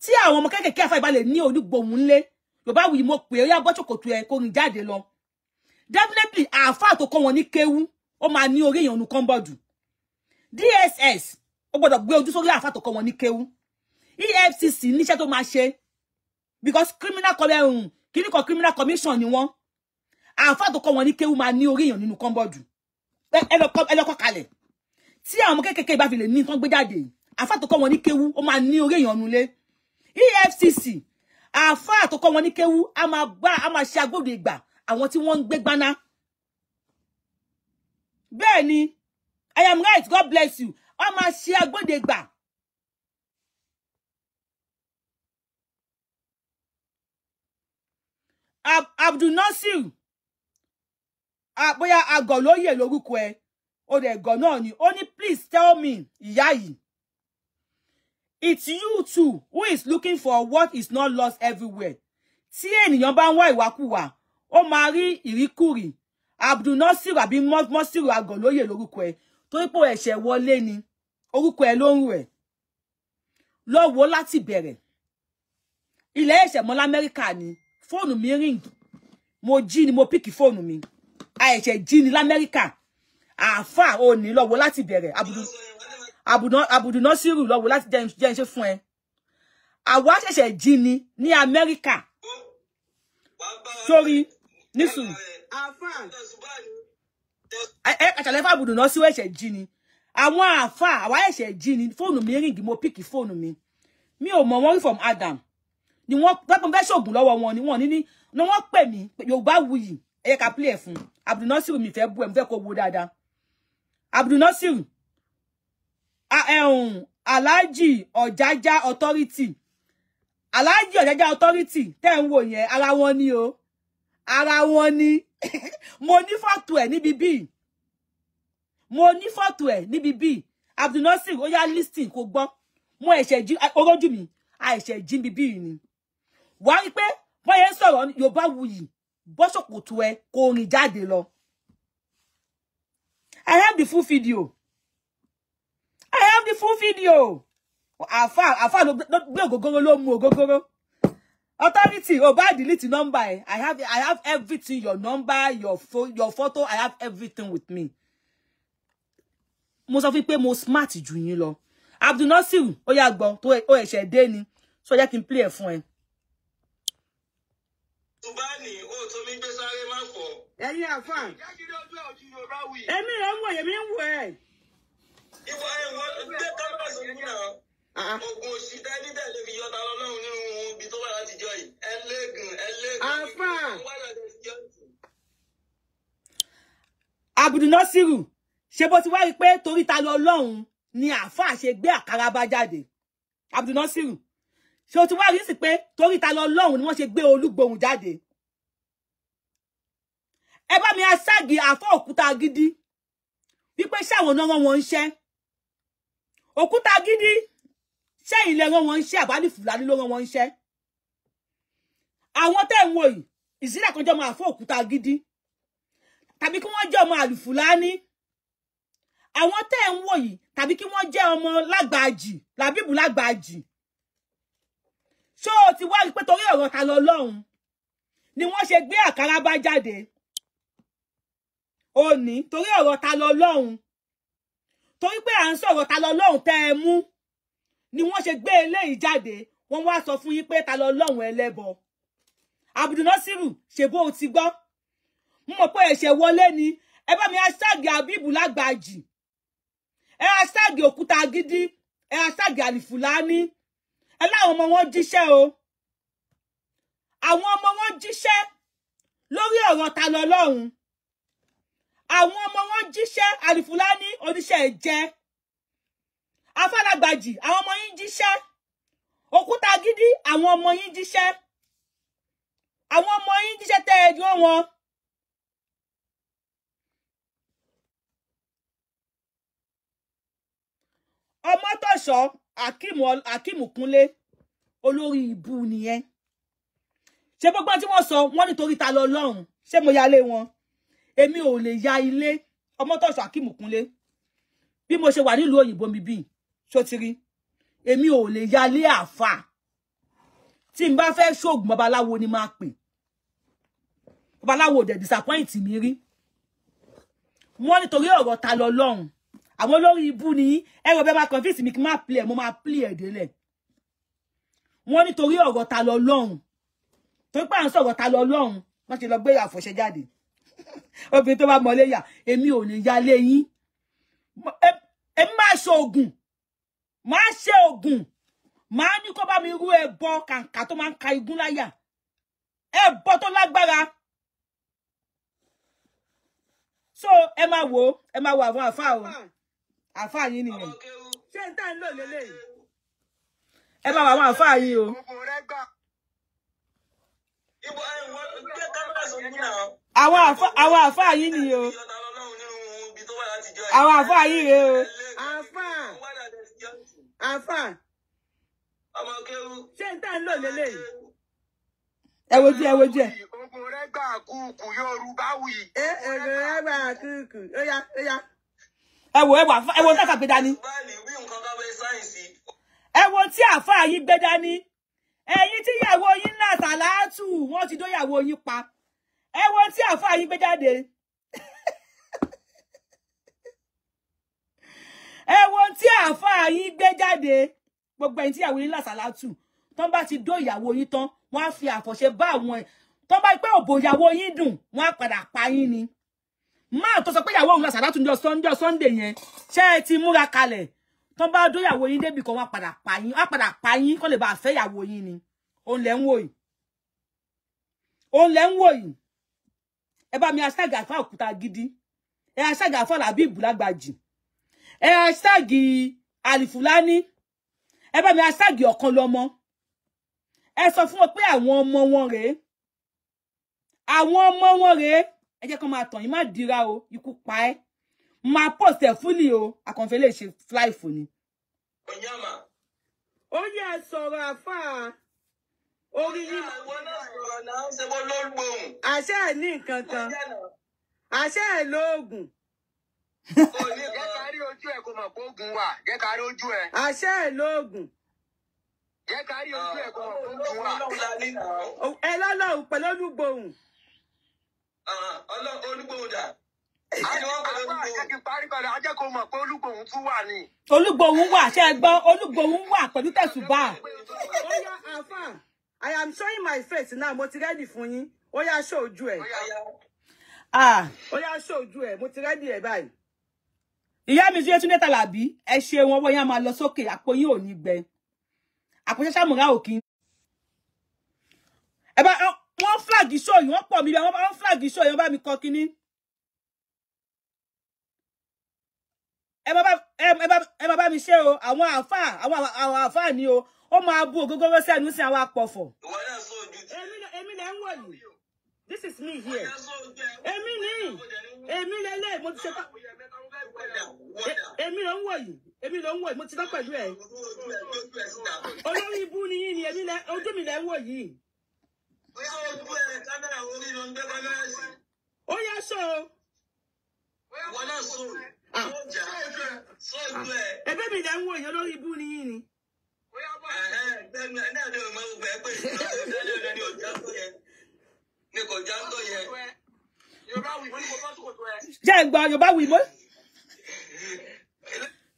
Tí àwọn ọmọ kékèké àfa ìbálẹ̀ new onígbòhùn ńlé, Yorùbá wùyí mo pè é, ó yá bọ́ ṣòkòtò ẹ̀ kó rìn jáde lọ. Definitely, àfa tó kọ́ wọn ní kéwú, ó máa new ring èèyàn nǹkan bọ̀dù. DSS, oh ó gbọ́dọ̀ gbé ojú sórí àfa tó kọ́ wọn ní kéwú. EFCC níṣẹ́ to máa ṣe because criminal kọ́lẹ́hùn um, kíníkan criminal commission you want àáfà tó kọ́ wọn ní kéwú máa ní orí èèyàn nínú kọ́ńbọ́ọ̀dù ẹlọ́kọ́ kalẹ̀ tí àwọn ọmọ kéékèèké bá fi lè ní tán gbé jáde àáfà tó kọ́ wọn ní kéwú ó máa ní orí èèyàn nulẹ̀ EFCC àáfà tó kọ́ wọn ní kéwú a máa gbá a máa ṣe agbóde ìgbà àwọn tí wọ́n ń gbé gbaná ni I am right God bless you a máa ṣe agbóde ìgbà Ab Abdul Nasir bóyá àgọ̀ lóyè lórúkọ ẹ ó dẹ̀ gọ̀ náà ni ó ní please tell me ìyá yìí it's you too who is looking for what is not lost everywhere tí ènìyàn bá ń wá ìwàkuwà ó máa rí ìríkùrì Abdul Nasir àbí Mọ́sírù àgọ̀ lóyè lórúkọ ẹ torí pé ẹ̀ṣẹ̀ wọlé ni orúkọ ẹ ló ń rẹ̀ lọ wo láti bẹ̀rẹ̀ ilẹ̀ ẹ̀ṣẹ̀ mọ́ lamẹ́ríkà ni fóònù mi ring mo jí ni mo píkì fóònù mi àìṣẹ̀ jí ni lamẹ́ríkà àáfà òní lọ́wọ́ láti bẹ̀rẹ̀ àbùdùnà sírù lọ́wọ́ láti jẹ́ ṣe fún ẹ àwa ṣẹ̀ṣẹ̀ jí ni ní amẹ́ríkà sórí nísù ẹ kàtàlẹ́fà àbùdùnà sírù ẹ̀ṣẹ̀ jí ni àwọn àáfà àwa ẹ̀ṣẹ̀ jí ni fóònù mi rìngì mo píkì fóònù mi mi ò mọ̀ wọ́n rí from Adam ni wọ́n pẹ́ pẹ́ ṣògùn lọ́wọ́ wọn ni wọ́n ní ni wọ́n pè mí Yorùbá wuyì ẹ ká play fún Abdul Nasir mi fẹ́ bú ẹ mo fẹ́ kó wo dáadáa Abdul Nasir a ehun Alhaji Ọ̀jájá authority Alhaji Ọ̀jájá authority tẹ́ ń wò yẹn ara wọn ni o ara wọn ni mo ní fọ́tò ẹ̀ níbi bíi mo ní fọ́tò ẹ̀ níbi bíi Abdul Nasir ó yá listing kó gbọ́ mo ẹ̀ṣẹ̀ jí orójú mi àìṣẹ̀ jí bíbí ni wàá rí pé bọ́yẹ sọ̀rọ̀ Yorùbá wuyì bọ́sọ̀kòtò ẹ kó rìn jáde lọ. I have the full video. I have the full video. Àfà àfà ló gbé ògógóró ló mu ògógóró. Authority ò bá delete number ẹ. I have I have everything your number your phone your photo I have everything with me. Mo sọ fún pé mo smart jù yín lọ. Abdulnasir ó yà gbọ́ tó ó ẹ̀ṣẹ̀ dé ni. Sọ jẹ́ kí n play ẹ̀ fún ẹ. Tùbá ni ẹ̀yin àfa. èmi rẹ̀ ń wò èmi ń wò ẹ̀. ìwọ ìwọ gbé kámẹ́rọ̀sì mú náà oògùn ah, ah. òsì tẹ́lí tẹ̀lé fi yọta lọ́lọ́run nínú ibi tó wà láti jọ yìí ẹlẹ́gùn ẹlẹ́gùn. àfa. Abdulnasiru ṣe bó ti wá rí i pé torí ta lọ lọ́hùn ni àfa ṣe gbé àkàràbà jáde Abdulnasiru ṣe o ti wá rí sí pé torí ta lọ lọ́hùn ni wọ́n ṣe gbé olúgbòhùn jáde ẹ bá mi aṣáàgì àfọ òkúta gidi wípé ṣáwọn náà wọn ń ṣẹ òkúta gidi ṣé ilẹ̀ wọn wọn ń ṣẹ àbálì fúlàní ló wọn wọn ń ṣẹ àwọn tẹ́ ń wò yìí ìsílẹ̀ kan jọ máa fọ òkúta gidi tàbí kí wọ́n jẹ́ ọmọ àlùfùlání àwọn tẹ́ ń wò yìí tàbí kí wọ́n jẹ́ ọmọ lágbàájì làbíbù lágbàájì ṣó o ti wá rí pé torí ọ̀rọ̀ ta lọ ni wọ́n ṣe gbé àkàrà bá jáde òní torí ọ̀rọ̀ ta lọ lọ́hùn torí pé à ń sọ̀rọ̀ ta lọ lọ́hùn tẹ́ ẹ mú ni wọ́n ṣe gbé eléyìí jáde wọ́n wá sọ fún yín pé ta lọ lọ́hùn ẹlẹ́bọ Abdulnasiru ṣèbó o ti gbọ́ mo mọ̀ pé ẹ̀ṣẹ̀ wọlé ni ẹ bá mi hashtag Habeeb Lágbàjì ẹ hashtag òkúta gidi ẹ hashtag àlìfùlání ẹ láwọn ọmọ wọn jíṣẹ́ o àwọn ọmọ wọn jíṣẹ́ lórí ọ̀rọ̀ ta lọ lọ́hùn àwọn ọmọ wọn jíṣẹ́ Alifulani oníṣẹ́ ẹ̀jẹ̀ afálágbàjì àwọn ọmọ yín jíṣẹ́ òkúta gidi àwọn ọmọ yín jíṣẹ́ àwọn ọmọ yín jíṣẹ́ tẹ́ ẹ dúró wọn. ọmọtọ̀ṣọ́ Akeem Kunle olórí ìbú nìyẹn ṣé gbogbo tí wọ́n sọ wọ́n nítorí ta lọ lọ́rùn ṣé mo yálé wọn èmi ò lè ya ilé ọmọ tó sọ Akeem Kunle bí mo ṣe wà nílùú òyìnbó mi bíi ṣó ti rí èmi ò lè ya ilé àfà tí n bá fẹ́ ṣoògùn babaláwo ni máa pè babaláwo dẹ̀ disappoint mi rí wọ́n nítorí ọ̀rọ̀ ta lọ lọ́hùn àwọn olórí ibú ni ẹ̀rọ bẹ́ẹ̀ máa confuse mi kí n play mo máa play ẹ̀ délẹ̀ wọ́n nítorí ọ̀rọ̀ ta lọ lọ́hùn torí pé à ń sọ̀rọ̀ ta lọ lọ́hùn wọ́n ti lọ gbé àfọ̀ṣẹ́ jáde obìnrin ba bá mọlé yà èmi ò ní yálé yín èmi máa ṣe oògùn máa ṣe oògùn máa ní kó bá mi rú ẹbọ kàǹkà tó máa ń igun láyà ẹbọ tó lágbára so ẹ máa wò ó ẹ máa wò àwọn àfáà o àfáà yín nìyẹn ṣé n tá ń lò lélẹyìí ẹ máa wò àwọn àfáà yín o. ìwọ ẹ wọ gbé kámẹ́rà sókún náà àwọn àfáà yìí ni o àwọn àfáà yìí rèé o. àfáà àfáà ṣé n tẹ́ ń lò lélẹ́yìí. ẹ wojú ẹ wojú ẹ. ogun rẹ gbà kúùkù yorùbá wì. ẹ ogun rẹ gbà kúùkù ó yá ó yá. ẹ wo ẹ wo ẹ wo táfà gbé dání. ẹ wo tí àfáà yìí gbé dání ẹ̀yin tíyàwó yín náà sàlátù wọ́n ti dóyàwó yín pa ẹ wo tí àfáà yín gbé jáde ẹ wo tí àfáà yín gbé jáde gbogbo ẹ̀yin tí ìyàwó yín làṣàlátù tán bá ti dó ìyàwó yín tán wọ́n á fi àfọ̀ṣẹ bá àwọn ẹ̀ tán bá pé òbò ìyàwó yín dùn wọ́n á padà pa yín ni máa tó sọ pé ìyàwó òun làṣàlátù ní ọjọ́ sunday yẹn ṣé ẹ ti múra kalẹ̀ tán bá dó ìyàwó yín débì kan wọ́n á padà pa yín wọ́n á padà pa yín kó lè bá fẹ́ ìyàwó yín ni òun lẹ́ ń wò ń wò yìí ẹ bá mi hashtag àfa òkúta gidi ẹ hashtag àfa làbí ìbúlágbàjì ẹ hashtag àlìfúlání ẹ bá mi hashtag ọ̀kan lọ́mọ ẹ sọ fún wọn pé àwọn ọmọ wọn rèé àwọn ọmọ wọn rèé ẹ jẹ́ kán máa tàn yín dira o ikú pa ẹ́ máa post ẹ̀ fúlì o àkànfẹ́ lè fly fún ni. onyama. ó yẹ sọ̀rọ̀ àfáà orí yìí. àṣẹ ẹ ní nǹkan kan àṣẹ ẹ lóògùn. òní ojú ẹ̀ kó mọ̀ pé oògùn wà jẹ́ ojú ẹ̀. àṣẹ ẹ lóògùn. jẹ́ ojú ẹ̀ kó mọ̀ pé oògùn wà. ẹ lọ́lọ́run pẹ̀lú olúgbòhùn. olúgbòhùn dà. Olúgbòhùn wà ṣe gbọ́ Olúgbòhùn wà pẹ̀lú tẹ̀sùbà. I am showing my face now. Mo ti ready fún yín. Ó yá show ojú ẹ. Ah, ó yá show ojú ẹ. Mo ti ready ẹ báyìí. Ìyá mi Yetunde Alabi, ẹ ṣe wọn bóyá máa lọ sókè àpò yín ò ní gbẹ. Àpò ṣẹ̀ṣẹ̀ múra òkín. Ẹ bá wọn flag show yìí, wọ́n pọ̀ mi bí wọ́n flag show yìí, wọ́n bá mi kọ kíní. Ẹ bá ẹ bá ẹ bá mi ṣe o, àwọn àáfàá, àwọn àáfàá ni o ó máa bu ògógóró sẹ́nu sí àwọn apọ̀fọ̀. èmi lè ń wọ̀ yìí this is me here èmi ni èmi lè lè mo ti ṣe pa èmi ló ń wọ̀ yìí èmi ló ń wọ̀ yìí mo ti lọ pẹ̀lú ẹ̀ olórí ibú ni yín ni èmi lè ojú mi lè ń wọ̀ yìí. bóyá ojú ẹ wọ́n náà sọ. sọ́jú ẹ. ẹgbẹ́ mi lè ń wọ̀ yìí ibú ni yín ni. Bẹ́ẹ̀ni náà ló mọ gbogbo ẹ pé ìdálẹ́ rẹ ni ọjà tó yẹ ni kò já tó yẹ. Yorùbá wì mọ́ ni kò bọ́ sòkòtò ẹ. Jẹ́ ẹ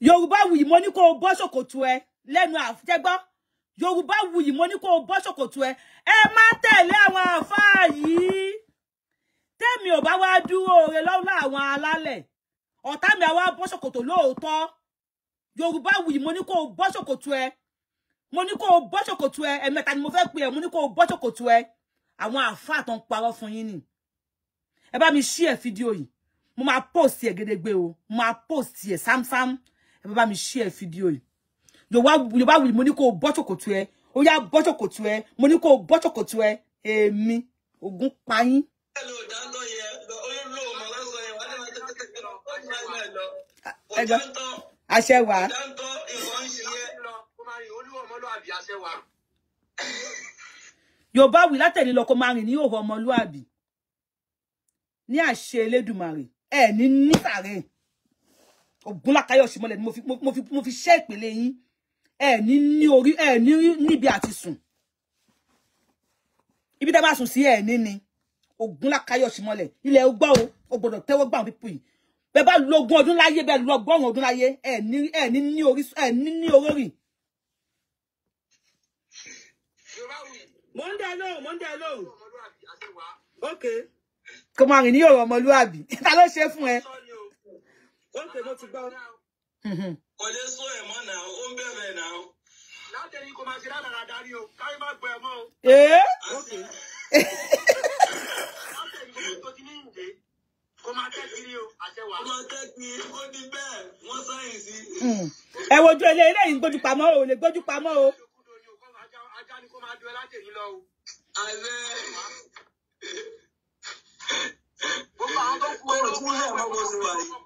Yorùbá wì mọ́. Yorùbá kò bọ́ sòkòtò ẹ lẹ́nu àfẹ́gbọ́. Yorùbá wuyì mo ní kó o bọ́ ṣòkòtò ẹ ẹ má tẹ̀lé àwọn àfáà yìí tẹ́mi ò bá wá dúró oore lọ́wọ́ àwọn alálẹ̀ ọ̀tá mi àwa bọ́ ṣòkòtò lóòótọ́ Yorùbá wuyì mo ní kó o bọ́ ṣòkòtò ẹ mo ní kó o bọ́ ṣòkòtò ẹ ẹ̀mẹ́ta ni mo fẹ́ pè e mo ní kó o bọ́ ṣòkòtò ẹ àwọn àáfàá tó ń parọ́ fún yín ni ẹ bá mi share fídíò yìí mo máa post ẹ̀ gédégbé o mo máa post ẹ̀ sámsám ẹ bá mi share fídíò yìí Yorùbá wùdí mo ní kó o bọ́ Hello, ẹ ó yá bọ́ ṣòkòtò ẹ mo ní kó o bọ́ ṣòkòtò ẹ èmi ògún pa yín. ẹgbẹ́ àṣẹ wàá. Yorùbá wí látẹ̀lé ni kó máa rìn ní òhò ọmọlúàbí ní ni Elédùmarè ẹ ní nítàrẹ Ògúnlákayọ̀ mole ni mo fi mo fi mo fi ṣe ìpele yín ni ni ori orí ni ni níbi àti sùn ibi tẹ́ bá sùn sí ẹ ní ni Ògúnlákayọ̀ Ṣímọ́lẹ̀ ilẹ̀ ọgbọ́ o ò gbọ́dọ̀ tẹ́wọ́ gbà wọn pípọ̀ yìí bẹ́ẹ̀ bá lógún ọdún láyé bẹ́ẹ̀ lọ́gọ́rùn ọdún láyé ẹ ní ẹ ni ní orí ẹ ni ní orórìn mo ń dá ẹ lóhùn mo ń dá ẹ lóhùn. ok. kò máa rìn ní ọ̀rọ̀ ọmọlúwàbí ta ló ṣe fún ẹ. ok mo ti gbọ́. Mhm. kò lè sún ẹ̀ mọ́ náà ó you bẹ̀rẹ̀ náà. láti ẹni kò máa ṣe lára adarí o káyọ̀ má gbọ́ ẹ mọ́ o. ee. láti ẹni kò ti ní ìdè kò máa tẹ́ kiri o àṣẹwà. kò máa you kiri ó ní bẹ́ẹ̀ wọ́n sáyẹ̀nsì. Mhm. ẹ wojú eléyìí lẹ́yìn gbójú pamọ́ o lè gbójú pamọ́ o jù yín lọ o. ààrẹ gbogbo àwọn tó kú ẹrù tí wọn náà mọ bó ṣe wà yìí. ó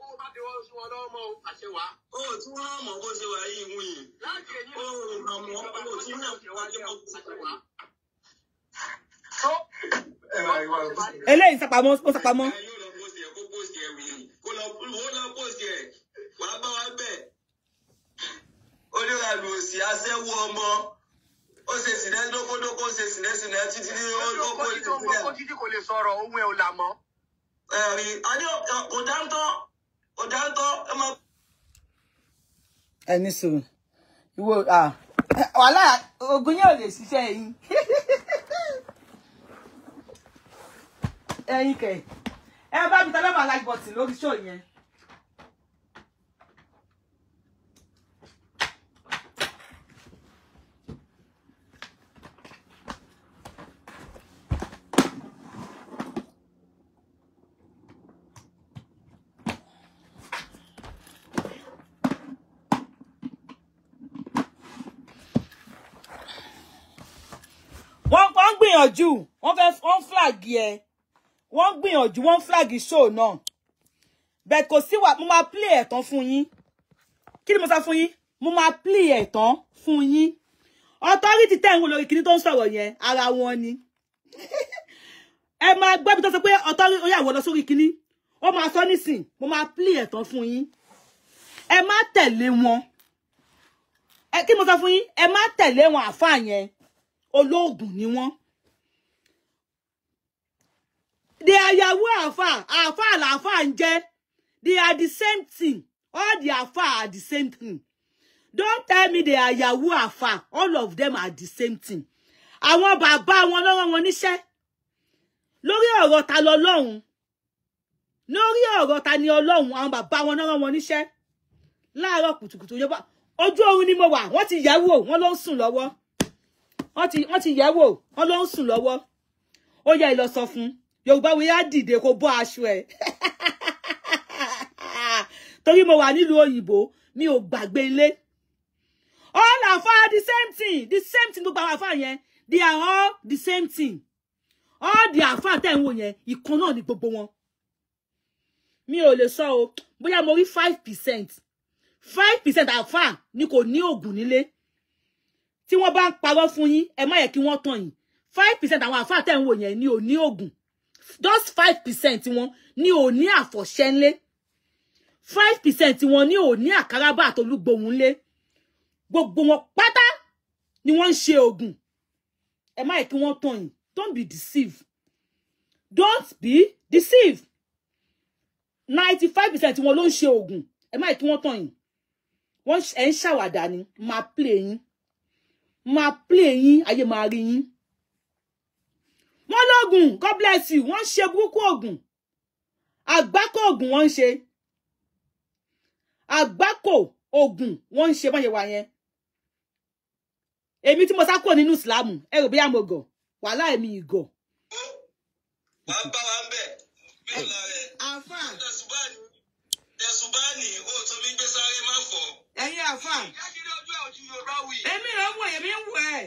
bá wọ́n mọ̀ bó ṣe wà yìí ń bọ̀ ó tí wọ́n náà fi wá jẹ́ mọ́ àṣẹ eléyìí sàpamọ́ ó sàpamọ́. wàá bá wa aṣẹ́wó ọmọ ó ṣe sìnẹ́ dókódókó ó ṣe sìnẹ́ sìnẹ́ títí ní ókó ìdílé. ó jíjí kò lè sọ̀rọ̀ ohun ẹ̀ ò là mọ́. ẹ̀rí a kò dáńtọ́ kò dáńtọ́ ẹ máa. ẹni sùn ìwọ wàhálà ogun yóò lè ṣiṣẹ́ yín ẹ̀yin kẹ̀ ẹ bá mi tẹ́lẹ̀ máa like button lórí show yẹn. gbìyànjú wọ́n fẹ́ wọ́n flag ẹ wọ́n gbìyànjú wọ́n flag show náà bẹ́ẹ̀ kò sí wà mo máa play ẹ̀ tán fún yín kí ni mo sọ fún yín mo máa play ẹ̀ tán fún yín authority tẹ̀ ń wo lórí kinní tó ń sọ̀rọ̀ yẹn ara wọn ni ẹ máa gbọ́ ibi tó sọ pé authority ó yà wọ́n lọ sórí kinní ó máa sọ nísìn mo máa play ẹ̀ tán fún yín ẹ má tẹ̀lé wọn ẹ kí mo sọ fún yín ẹ má tẹ̀lé wọn àfáà yẹn olóògùn ni wọ́n they are yahoo àfà àfà làfà ń jẹ́ they are the same thing all the àfà are the same thing don't tell me they are yahoo àfà all of them are the same thing àwọn bàbá wọn lọ́wọ́ wọn níṣẹ́ lórí ọ̀rọ̀ ta lọ lọ́hùn lórí ọ̀rọ̀ ta ni ọlọ́hun àwọn bàbá wọn lọ́wọ́ wọn níṣẹ́ láàárọ̀ kùtùkùtù yọba ojú oorun ni mo wà wọ́n ti yẹ̀wò wọ́n ló ń sùn lọ́wọ́ wọ́n ti yẹ̀wò wọ́n ló ń sùn lọ́wọ́ ó yẹ ìlọsọ fún yorùbá wo yá dìde kó bọ́ aṣọ ẹ̀ torí mo wà nílùú òyìnbó mi ò gbàgbé ilé all afa the same thing the same thing gbogbo àwọn afa yẹn they are all the same thing all the afa tẹ̀ ń wò yẹn ìkan náà ni gbogbo wọn mi ò lè sọ o bóyá mo rí five percent five percent afa ni kò ní oògùn nílé tí wọ́n bá ń parọ́ fún yín ẹ má yẹ kí wọ́n tàn yín five percent àwọn àfáà tẹ̀ ń wò yẹn ni ò ní oògùn just five percent wọn ní òní àfọ̀ṣẹ́nlé five percent wọn ní òní àkàràbà àtolúgbòhùnlé gbogbo wọn pátá ni wọ́n ń ṣe oògùn ẹ má kí wọ́n tàn yín don't be deceived don't be deceived ninety five percent wọn ló ń Ogun. oògùn ẹ má kí wọ́n tàn yín wọ́n ẹ̀ ń ṣàwàdà ni máa play yín máa play yín ayé máa rí yín wọ́n lóògùn god bless you wọ́n ṣe burúkú ògùn àgbákò ogun, wọ́n ń ṣe àgbákò ògùn wọ́n ń ṣe bọ́n ṣe wà yẹn èmi tí mo sá kúrò nínú ìsìlámù ẹ rò bóyá mo gọ̀ wàhálà èmi ìgọ̀. wàá bá wa èmi rẹ̀ wọ̀ èmi ń wọ̀ ẹ̀.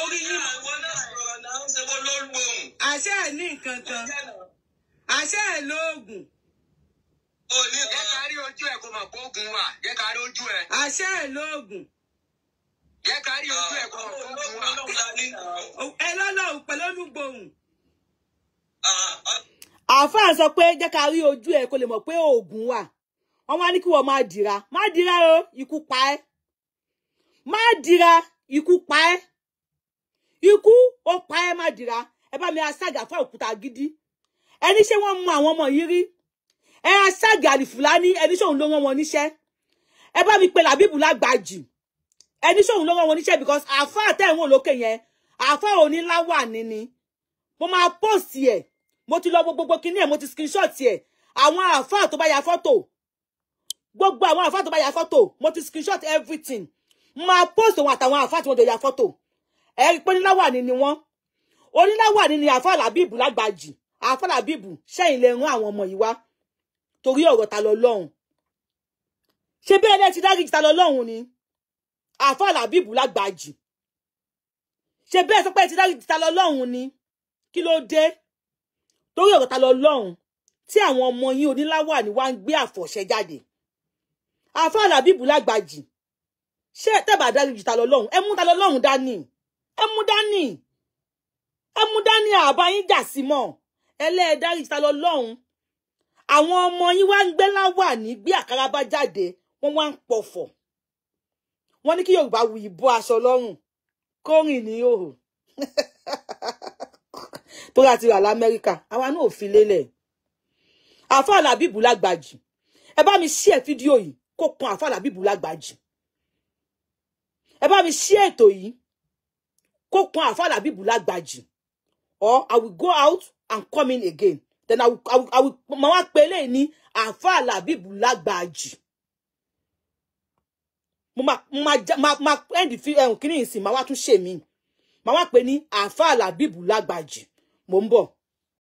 orí yìí. àwọn náà sọ̀rọ̀ náà ń ṣe bó ló àṣẹ ẹ̀ ní nǹkan kan àṣẹ ẹ̀ lóògùn. òní kan. jẹ́ ká rí ojú ẹ̀ kó mọ̀ pé oògùn jẹ́ ká rí ojú ẹ̀. àṣẹ ẹ̀ lóògùn. jẹ́ ká rí ojú ẹ̀ kó mọ̀ pé oògùn ẹ lọ́lọ́run pẹ̀lú olúgbòhùn. àáfàá sọ pé jẹ́ ká rí ojú ẹ̀ kó lè mọ̀ pé oògùn wà wọ́n wá ní kí wọ́n máa dìra má dìra o ikú pa ẹ́ má dìra ikú pa ẹ́ ikú ó pa ẹ madira dìra ẹ bá mi aṣáàgì àfa òkúta gidi ẹni ṣé wọ́n mú àwọn ọmọ yìí rí ẹ fulani àlìfúlání ẹni ṣòun ló rán wọn níṣẹ́ ẹ bá mi pe làbíbù lágbàjì ẹni ṣòun ló rán wọn níṣẹ́ because àfa àtẹ̀wọ̀n lókè yẹn àfa oníláwà níní mo máa pọ́ọ̀sì ẹ̀ mo ti lọ gbogbo kinní ẹ̀ mo ti screenshot ẹ̀ àwọn àfa tó bá ya fọ́tò gbogbo àwọn àfa tó bá ya fọ́tò mo ti screenshot everything mo máa pọ́ọ̀sì òun àtàwọn àfa tí wọ́n jọ ya fọ́tò ẹ rí i pé oníláwàní ni wọ́n oníláwàní ni àfa làbíbù lágbàjì àfa làbíbù sẹ́yìn lè rán àwọn ọmọ yìí wá torí ọ̀rọ̀ ta lọ lọ́hùn ṣé bẹ́ẹ̀ lẹ́ ti dáríjì ta lọ lọ́hùn ni àfa làbíbù lágbàjì ṣé bẹ́ẹ̀ sọ ti dáríjì ta lọ lọ́hùn ni kí ló dé torí ọ̀rọ̀ ta lọ lọ́hùn tí àwọn ọmọ yín oníláwàní wá ń gbé àfọ̀ṣẹ jáde àfa làbíbù lágbàjì ṣé tẹ́bà dáríjì ta lọ lọ́hùn ẹ mú ta lọ lọ́hùn dání ẹ mú dání ẹ mú dání àbá yín jà sí mọ́ ẹlẹ́ẹ̀dá ìta lọ lọ́hùn àwọn ọmọ yín wá ń gbé láwà ní gbé àkàrà bá jáde wọ́n wá ń pọ̀fọ̀ wọ́n ní kí Yorùbá wù ìbò aṣọ lọ́rùn kórìn ní òhò tó rà ti rà l'Amẹ́ríkà àwa náà ò fi lélẹ̀ àfáà làbíbù lágbàjì ẹ bá mi ṣí ẹ fídíò yìí kó kan àfáà làbíbù lágbàjì ẹ bá mi ṣí ètò yìí kó kan àfa Làbíbù lágbàjì or i will go out and come in again then i will i will, I will màá wá pe eléyìí ní àfa Làbíbù lágbàjì mo ma mo ma ma ma end fi ẹhùn eh, kíní ìsìn màá wá tún ṣe mí màá wá pe ní àfa Làbíbù lágbàjì mo ń bọ̀.